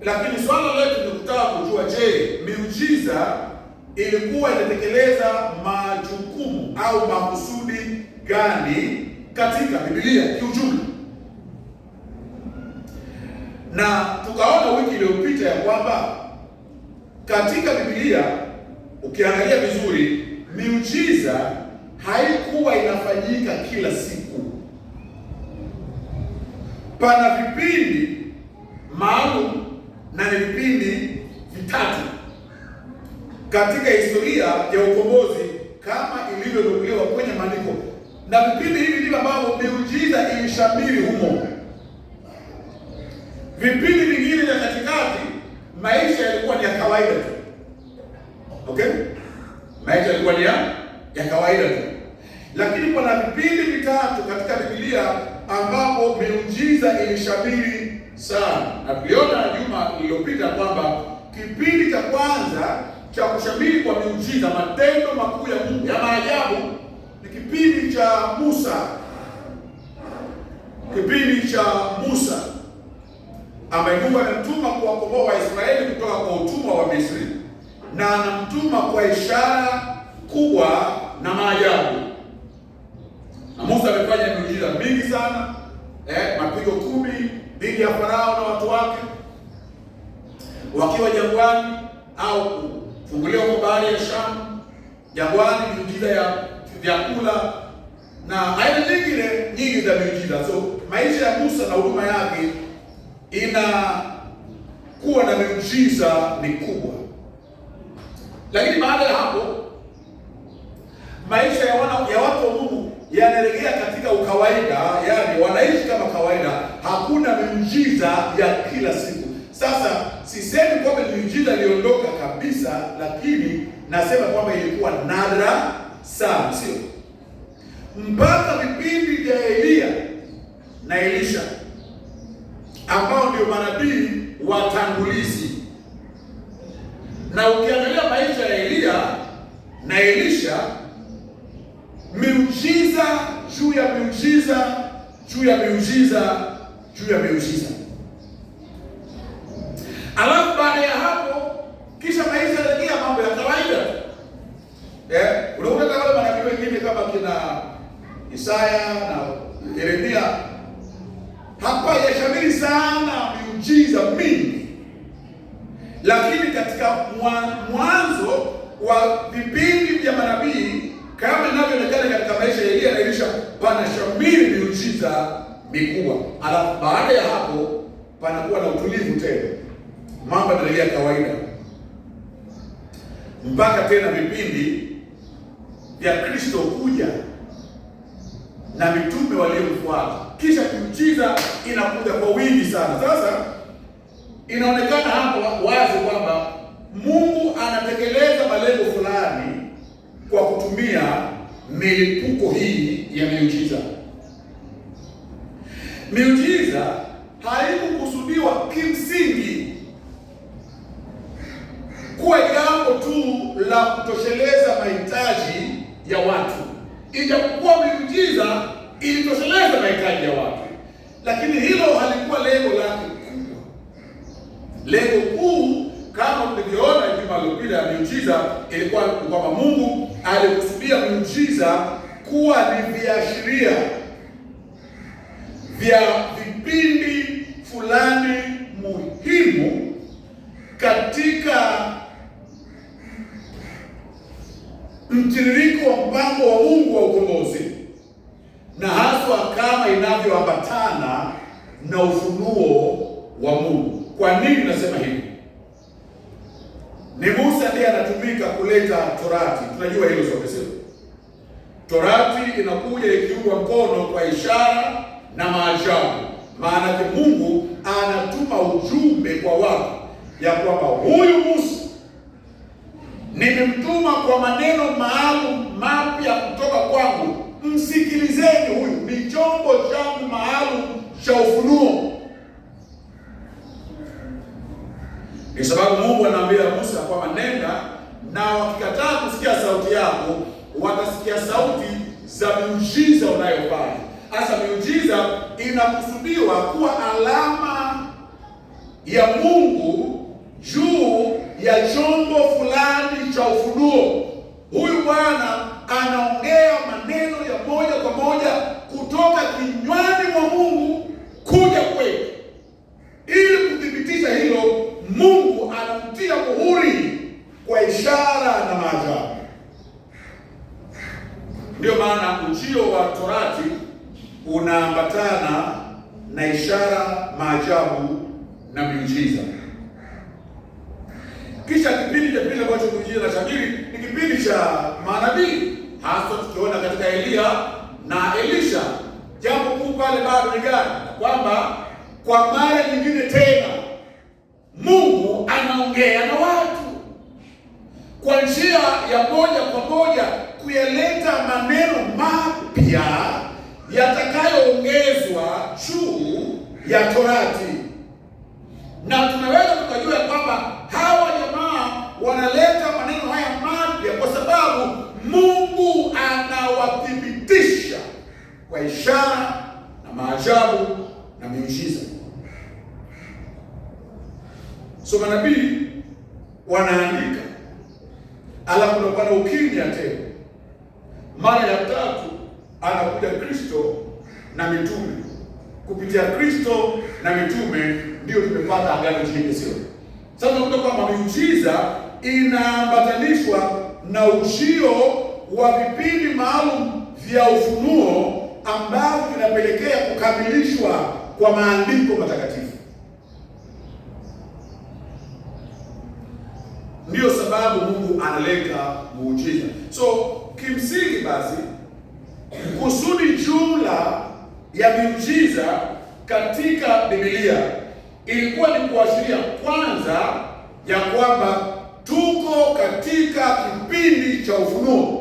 Lakini swala letu ni kutaka kujua, je, miujiza ilikuwa inatekeleza majukumu au makusudi gani katika Biblia kiujumla? Na tukaona wiki iliyopita ya kwamba katika Biblia ukiangalia vizuri, miujiza haikuwa inafanyika kila siku. Pana vipindi maalum na ni vipindi vitatu katika historia ya ukombozi kama ilivyonukuliwa kwenye maandiko, na vipindi hivi ndivyo ambavyo miujiza ilishamiri humo. Vipindi vingine vya katikati maisha yalikuwa ni ya kawaida tu, okay, maisha yalikuwa ni ya ya kawaida tu, lakini kuna vipindi vitatu katika Biblia ambapo miujiza ilishamiri sana, na tuliona juma lililopita kwamba kipindi cha kwanza cha kushamiri kwa miujiza, matendo makuu ya Mungu ya maajabu ni kipindi cha Musa, kipindi cha Musa ambaye Mungu anamtuma kuwakomboa Waisraeli kutoka kwa utumwa wa Misri, na anamtuma kwa ishara kubwa na maajabu. Na Musa amefanya miujiza mingi sana eh, mapigo dhidi ya Farao na watu wake wakiwa jangwani au kufunguliwa kwa bahari ya Shamu jangwani, miujiza ya vyakula na aina nyingine nyingi za miujiza. So maisha ya Musa na huduma yake inakuwa na miujiza mikubwa, lakini baada ya hapo maisha ya wana ya watu wa Mungu yanaelekea katika ukawaida, yani wanaishi kama kawaida, hakuna miujiza ya kila siku. Sasa sisemi kwamba miujiza iliondoka kabisa, lakini nasema kwamba ilikuwa nadra sana, sio mpaka vipindi vya Eliya na Elisha ambao ndio manabii watangulizi. Na ukiangalia maisha ya Eliya na Elisha miujiza juu ya miujiza juu ya miujiza juu ya miujiza. Alafu baada ya hapo, kisha maisha yanarejea mambo ya kawaida eh, unakuta wale manabii wengine kama kina Isaya na Yeremia hapa yashamiri sana miujiza mingi, lakini katika mwanzo wa vipindi vya manabii kama inavyoonekana katika maisha ya Elia na Elisha, panashamiri miujiza mikubwa, alafu baada ya hapo panakuwa na utulivu tena, mambo yanarejea kawaida, mpaka tena vipindi vya Kristo kuja na mitume waliomfuata, kisha miujiza inakuja kwa wingi sana. Sasa inaonekana hapo wazi kwamba Mungu anatekeleza malengo fulani kutumia milipuko hii ya miujiza. Miujiza haikukusudiwa kimsingi kuwa jambo tu la kutosheleza mahitaji ya watu, ijapokuwa miujiza ilitosheleza mahitaji ya watu, lakini hilo halikuwa lengo lake kubwa. Lengo kuu kama tulivyoona juma lililopita, miujiza ilikuwa kwamba Mungu alikusudia mjiza kuwa ni viashiria vya vipindi fulani muhimu katika mtiririko wa mpango wa Mungu wa ukombozi na haswa kama inavyoambatana na ufunuo wa Mungu. Kwa nini nasema hivi? ni ndiye anatumika kuleta torati. Tunajua hilo sote, sio? Torati inakuja ikiungwa mkono kwa ishara na maajabu. Maanake Mungu anatuma ujumbe kwa watu ya kwamba huyu Musa nimemtuma kwa maneno maalum mapya kutoka kwangu, msikilizeni huyu, ni chombo changu maalum cha ufunuo. Ni sababu Mungu anaambia Musa kwamba nenda, na wakikataa kusikia sauti yako watasikia sauti za miujiza unayofanya. Hasa miujiza inakusudiwa kuwa alama ya Mungu juu ya chombo fulani cha ufunuo. Huyu Bwana anaongea maneno Ndiyo maana ujio wa Torati unaambatana na ishara, maajabu na miujiza. Kisha kipindi cha pili ambacho kujia na shabiri ni kipindi cha manabii, hasa tukiona katika Eliya na Elisha. Jambo kuu pale bado ni gani? Kwamba kwa mara nyingine tena Mungu anaongea na watu kwa njia ya moja kwa moja kuyaleta maneno mapya yatakayoongezwa juu ya Torati, na tunaweza tukajua kwamba hawa jamaa wanaleta maneno haya mapya kwa sababu Mungu anawathibitisha kwa ishara na maajabu na miujiza. So manabii wanaandika, alafu unapata ukimya tena mara ya tatu anakuja Kristo na mitume. Kupitia Kristo na mitume ndio tumepata agano jipya, sio? Sasa tunakuta kwamba miujiza inaambatanishwa na ujio wa vipindi maalum vya ufunuo ambavyo vinapelekea kukamilishwa kwa maandiko matakatifu. Ndiyo sababu Mungu analeta muujiza. So Kimsingi basi kusudi jumla ya miujiza katika Biblia ilikuwa ni kuashiria kwanza ya kwamba tuko katika kipindi cha ufunuo.